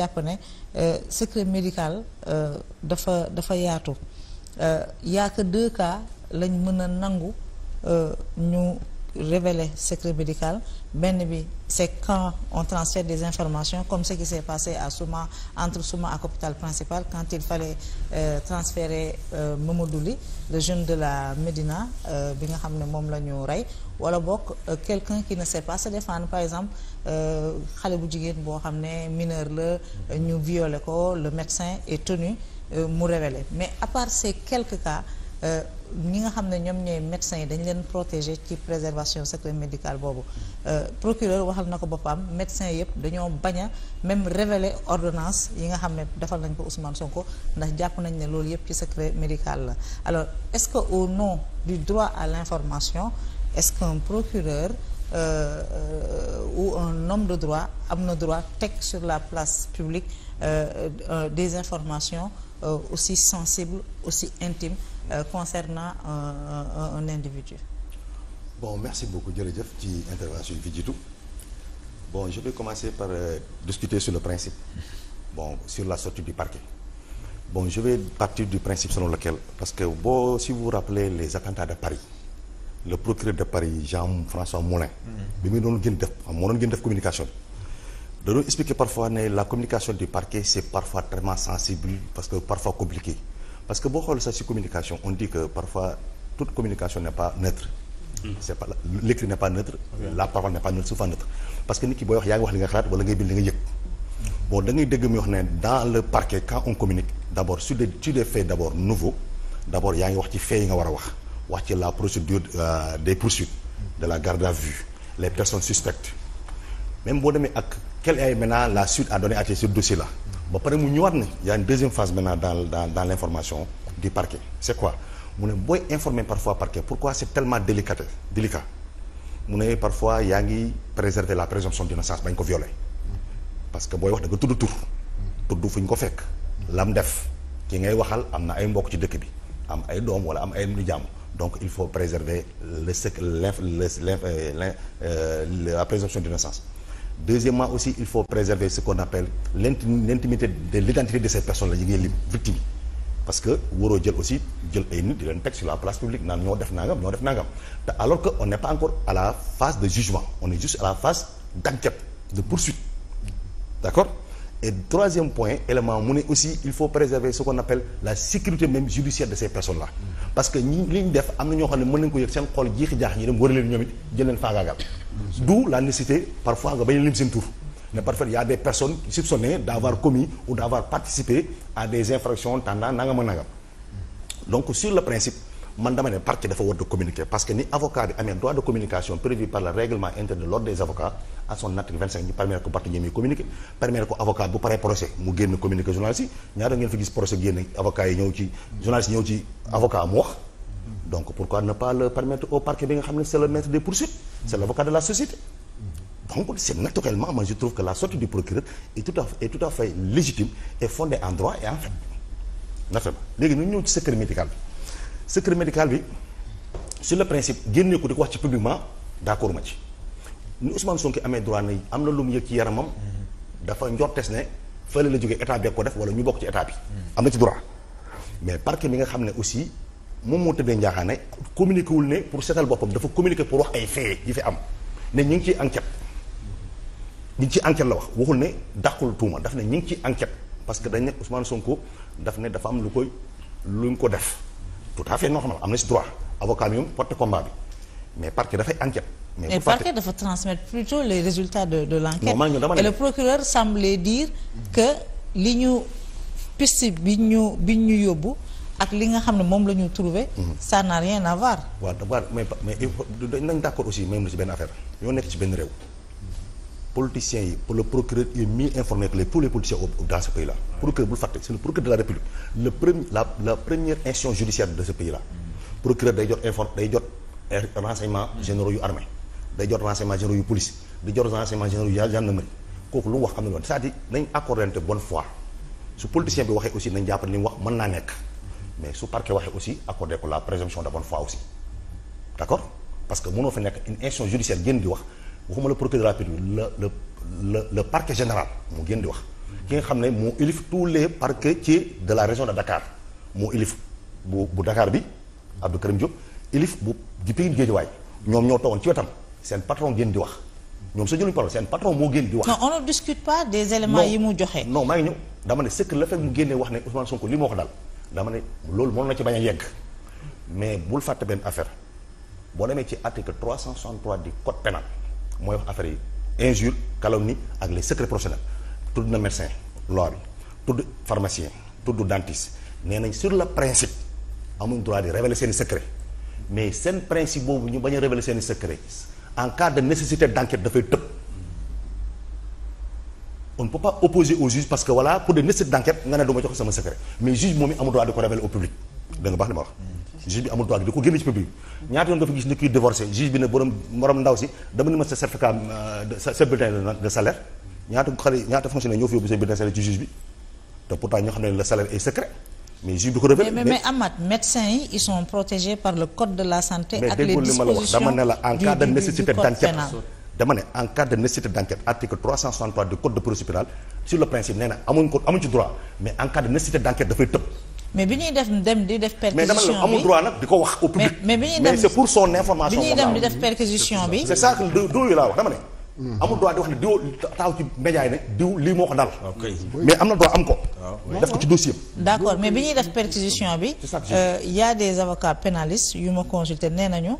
jàpp ne euh, secret médical euh, dafa dafa yaatu euh, y a lañ mën a nangu ñu révélé secret médical benn bi c'est quand on transfère des informations comme ce qui s'est passé à Souma entre Souma ak hôpital principal quand il fallait euh, transférer euh, Mamadou Ly jeune de la Médina euh, bi nga xam ne moom la ñu rey wala bokk euh, quelqu'un qui ne sait pas se défendre par exemple euh, xale bu jigéen boo xam ne mineur la ñu violé ko le médecin et tenu mu révélé mais à part ces quelques cas Euh, ñi nga xam ne ñoom ñee médecins yi dañu leen protéger ci préservation secret médical boobu euh, procureur waxal na ko boppam médecins yëpp dañoo bañ a même révéler ordonnance yi nga xam ne defal nañ ko Ousmane ko ndax jàpp nañ ne loolu yëpp ci secret médical la alors est-ce que au nom du droit à l'information est-ce qu'un procureur Euh, euh ou un homme de droit am na droit teg sur la place publique euh, des informations aussi sensibles aussi intimes Euh, concernant un, un individu bon merci beaucoup jërëjëf ci intervention yi fi bon je vais commencer par euh, discuter sur le principe bon sur la sortie du parquet bon je vais partir du principe selon lequel parce que boo si vous rappelez les attentats de Paris le procureur de Paris Jean-François Moulin bi muy doon gën def xam moo doon gën def communication bi da expliquer parfois ne la communication du parquet c'est parfois tellement sensible parce que parfois compliqué parce que boo xool sax ci communication on dit que parfois toute communication n'est pas neutre hmm. c'est pas pas neutre la parole n'est pas neutre souvent neutre parce que nit ki booy wax yaa ngi wax li nga xalaat wala ngay bind li nga yëg bon da ngay dégg wax ne dans le parquet quand on communique d'abord sur des sur des faits d'abord nouveaux d'abord yaa ngi wax ci faits yi nga war a wax wax ci la procédure euh, des poursuites de la garde à vue les personnes suspectes même boo demee ak quelle est la suite à donner à ce dossier ba pare mu ñëwaat ne y a une deuxième phase maintenant dans dans dans l' information du parquet c' est quoi mu ne booy informer parfois parquet pourquoi c' est tellement délicat mu ne parfois yaa ngi préserver la présomption d' innocence bañ ko violer parce que booy wax da nga tudd tur tudd fu ñu ko fekk lam def ki ngay waxal am na ay mbokk ci dëkk bi am ay doom wala am ay nu jàmm donc il faut préserver le sec l' euh, la présomption d' innocence deuxièmement aussi il faut préserver ce qu'on appelle l'intimité de l'identité de ces personnes la yi lim victime parce que waroo jël aussi jël ay nit di leen teg sur la place publique naan ñoo def nangam ñoo def nangam te alors que on n'est pas encore à la phase de jugement on est juste à la phase d'enquête de poursuite d'accord et troisième point élément mu ne aussi il faut préserver ce qu'on la sécurité même judiciaire de ces personnes là parce que ñi li ñu na ñoo xam ne mën nañu ko yëg seen xol jiixi jaax ñi d'où la nécessité parfois nga bañ a lim seen tur mais parfois il y a des personnes soupçonnées d'avoir commis ou d'avoir participé à des infractions tendant nangam ak nangam donc sur le principe man dama ne parquet dafa war de communiquer parce que ni avocat bi amee droit de communication prévu par le règlement interne de l'ordre des avocats à son article 25 ñu permettre ko parti ñoom communiquer permettre ko avocat bu paree procès mu génn communiquer journaliste donc pourquoi ne pas le permettre au parquet bi nga xam ne c'est le maître des poursuites c'est l'avocat la société donc c'est naturellement moi je trouve que la sortie du procureur est tout à fait est tout à fait légitime et fondée en droit et en naturellement léegi ñu ñëw ci secret médical bi secret médical bi sur le principe génne ko di ko wax ci publiquement d'accord ma ci ni Ousmane Sonko amee droit na am na lu mu yëg ci yaramam dafa njortes ne fële la jógee état bi ko def wala ñu bokk ci état bi am na ci moom moo tëddee njaaxaane communiqué wul ne pour seetal boppam dafa communiqué pour wax ay fee yi fi am ne ñu ngi ciy enquête ñu ngi ciy enquête la wax waxul ne dàqul tuuma daf ne ñu ngi ciy enquête parce que dañ ne Ousmane Sonko daf ne dafa am lu koy lu ñu ko def tout à fait noo xam am na si droit avocat mi moom porte combat bi mais parquet dafay enquête. mais bu parquet dafa transmettre plutôt les résultats de de l'enquête et le procureur semblait dire que li ñu piste bi ñu bi ñu yóbbu. ak li nga xam ne moom la ñu trouvé. Mhm. ça n'a rien à voir. waaw waaw mais mais nañ d'accord benn affaire ñoo nekk ci benn réew. politiciens yi pour le procureur est mieux informé que les tous les politiciens dans ce pays procureur bul fàtte c'est le procureur de la la première institution judiciaire de ce pays procureur day jot inform day jot er, renseignement mm. généraux yu armée day jot renseignement généraux yu police day jot renseignement généraux yu gendarmerie kooku lu wax am na loolu c'est-à-dire nañ bi waxee aussi nañ jàpp ni mu wax mais su parquet waxee aussi accordé ko la présomption de bonne foi aussi d' parce que mënoo fa nekk une institution judiciaire génn di wax waxuma le procureur de la République parquet général moo génn di wax. ki nga xam ne moo ilif tous les parquets ci de la région de Dakar moo ilif bu bu Dakar bi Abdou Karim Diop ilif bu di Pikine Guédiawaye ñoom ñoo toogoon ci wetam seen patron génn di wax. ñoom sa jëluñu parole seen patron moo génn di wax. non on ne discute mu joxe. non maa ngi ñëw la mu génnee wax ne Ousmane Sonko li moo ko dama ne loolu moom la ci bañ a yegg mais bul fàtte benn affaire boo demee ci article 363 du code pénal mooy wax affaire yi injure calomnie ak les secrets professionnels tudd na médecin loi bi tudd pharmacien tudd dentiste nee nañ sur le principe amuñ droit di révéler seeni secret mais seen principe boobu ñu bañ a révéler seeni secret en cas de nécessité d'enquête dafay tëb on ne peut pas opposer au juge parce que voilà pour des nécessités d'enquête nga ne duma jox sama secret mais juge moom i amul droit di ko révéler au public da baax li ma wax juge bi amul droit di ko génne ci public ñaata yoon nga gis ni kii divorcé juge bi ne borom morom ndaw si dama ni ma sa secret mais juge bi ko révélé mais mais Amath médecins yi ils sont protégés par le code de la santé. ak les dispositions dama ne la en de nécessité d'enquête dama ne en cas de nécessité d' enquête article 363 du code de procédure sur le principe nee amuñ ko amuñ ci droit mais en cas de nécessité d' dafay tëb. mais bi ñuy def dem di def. perquisition bi mais am na droit am ko. Ah, def ko ci dossier d' mais bi ñuy def perquisition bi. Euh, y' des avocats pénalistes yu ma consulté nee nañu.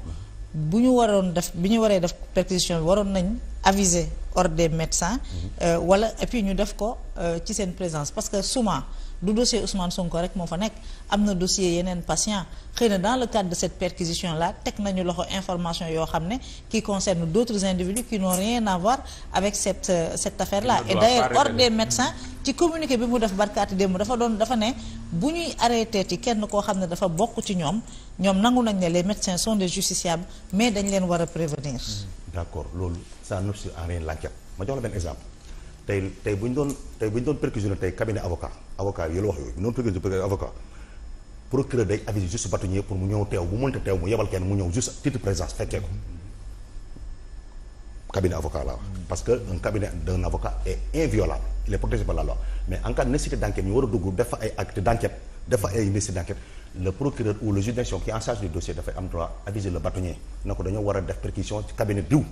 bu ñu waroon def bi ñu waree def perquisition bi waroon nañ aviser or des médecins. Mhm. Euh, wala et ñu def ko euh, ci seen présence parce que souvent. du dossier Ousmane Sonko rek moo fa nekk am na dossier yeneen patient xëy na dans le cadre de cette perquisition là teg nañu loxo information yoo xam ne qui concerne d'autres individus qui n'ont rien à voir avec cette euh, cette affaire là et d'ailleurs ordre des mm. médecins ci communiqué bi mu def barkaati démb dafa doon dafa ne bu ñuy arrêté ci kenn koo xam ne dafa bokk ci ñoom ñoom nangu nañ ne les médecins sont des justiciables mais dañ leen war a prévenir mm. loolu ça n'obère en rien l'enquête ma jox la benn tey tey bu ñu doon tey bu ñu doon perquisitionné tey cabinet avocat avocat yi la wax yooyu noonu perquisitionné avocat procureur day mu ñëw teew bu mënta teew mu yebal kenn mu ñëw juste titre présence fekkee ko cabinet avocat laa parce que un cabinet de avocat est inviolable il mais en cas de war a def fa ay acte d'enquête def le procureur ou le juge d'instruction qui est en charge du dossier dafay am droit aviser na ko dañoo war a def perquisition ci cabinet diw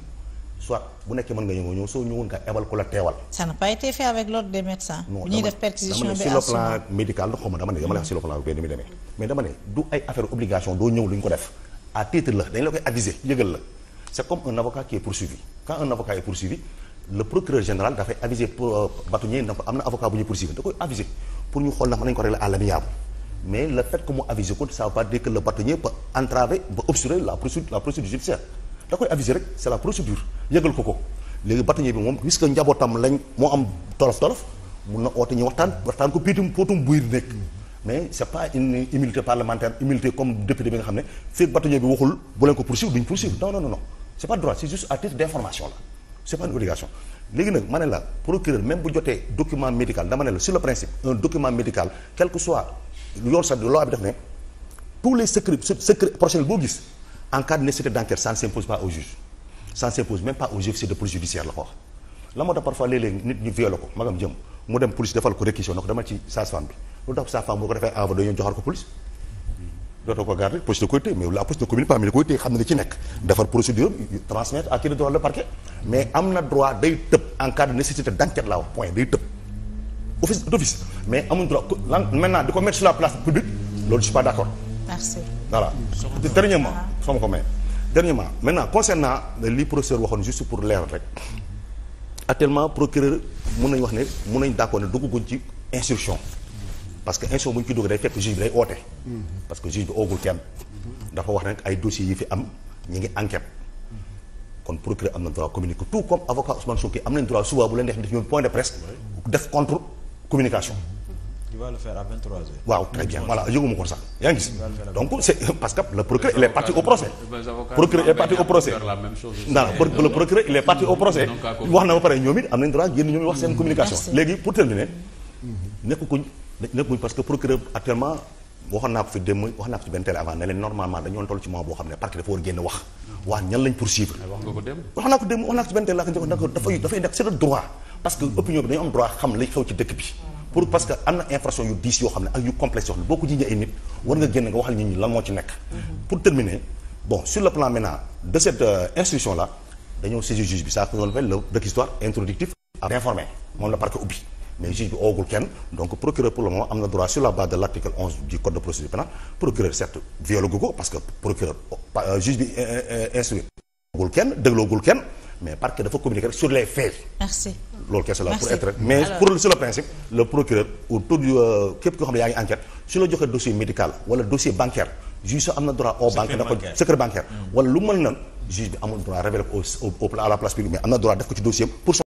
soit bu nekkee mën nga ñëw ñëw soo ñëwoon nga ebal ko la teewal. ça n'a pas été fait bu ñuy def perquisition bi sur médical xaw ma ne dama ne du ay affaire obligation doo ñëw lu ko def à titre la dañ la koy aviser yëgal la c'est comme un avocat qui est poursuivi quand un avocat est poursuivi le procureur général dafay aviser pour euh, bâtonnier na koy aviser pour ñu xool ndax mën nañu ko régler à l'amiable mais le fait que mu aviser ko ça veut pas dire aviser la procédure yëgal ko ko léegi bâtonnier bi moom puisque njabootam lañ moo am tolof tolof mun na oote ñu waxtaan waxtaan ko piitum pootum buy nekk mais c' pas une immunité parlementaire immunité comme député bi nga xam ne fekk bâtonnier bi waxul bu leen ko poursuivre duñ poursuivre non non non c' est pas droit c' est juste à titre d' information la c' est pas une obligation. léegi nag ma ne la procureur même bu jotee document médical dama ne la sur le principe ça s'impose même pas au juge c'est de police judiciaire la ko wax la moo tax parfois léeg-léeg nit ñu violé ko magam jëm mu dem police defal ko réquisition na ko demal ci sage-femme bi lu tax sage-femme boo ko defee envoyé yoon joxaat ko police dootoo ko garder police da koy téye mais la police ne commune pas mais da koy téye xam ne li ci nekk defar procédure transmettre à qui de droit le parquet mais am na droit day tëb en cas de nécessité d'enquête la wax point day tëb office d'office mais amul droit lan maintenant di ko mettre sur la place publique loolu je suis pas d'accord merci voilà dernièrement soo ma ko may met maintenant concernant li professeur waxoon juste pour leer rek actuellement procureur mun nañu wax ne mun nañu d'accord ne dugguñ ci instruction parce que instruction bu ñu ci dugg day fekk juge bi day oote. parce que juge bi oogul kenn. dafa wax nag ay dossiers yi fi am ñu ngi enquête. kon procureur am na droit communiquer tout comme avocat Ousmane Sonko am nañ droit suba bu leen def def ñoom point de presse def contre communication. va le faire à 23 heures. waaw très bien voilà yëguma ko sax yaa ngi gis donc c' est parce que le procureur il est parti au procès. Eh procureur est parti au procès. non non le procureur il est parti au procès. wax na ba pare ñoom it am nañ droit génn ñoom it wax seen communication. léegi pour terminer. nekkuñ nekkuñ parce que procureur actuellement waxoon naa ko fi démb wax naa ko ci benn télé avant ne leen normalement dañoo toll ci moment boo xam ne parquet dafa war a génn wax. waa ñan lañ poursuivre. wax nga ko démb wax naa ko démb wax naa ko ci benn télé laa ko dafay dafay nekk c' est le droit parce que opinion bi dañu am droit xam li xew ci dëkk bi pour parce que am na infraction yu diis yoo xam ne ak yu complexe yoo xam ne boo ko jiiñee ay nit war nga génn nga waxal nit ñi lan moo ci nekk. pour terminer bon sur le plan maintenant de cette euh, instruction là dañoo saisir juge bi ça ce qu'on appelle le la de l' article 11 code de procédure pénale procureur certes violé ko parce que procureur euh, juge bi euh, instruit oogul kenn dégloogul kenn mais parquet dafa communiquer sur les faits. loolu kese la pour être mais pour sur le principe le procureur ou tout euh, képp koo xam ne yaa ngi enquête su la joxee dossier médical wala dossier bancaire juge sa am na droit au banque na ko secret bancaire wala lu mën na juge amul droit révéler à la place publique mais am na droit def ko ci dossier pour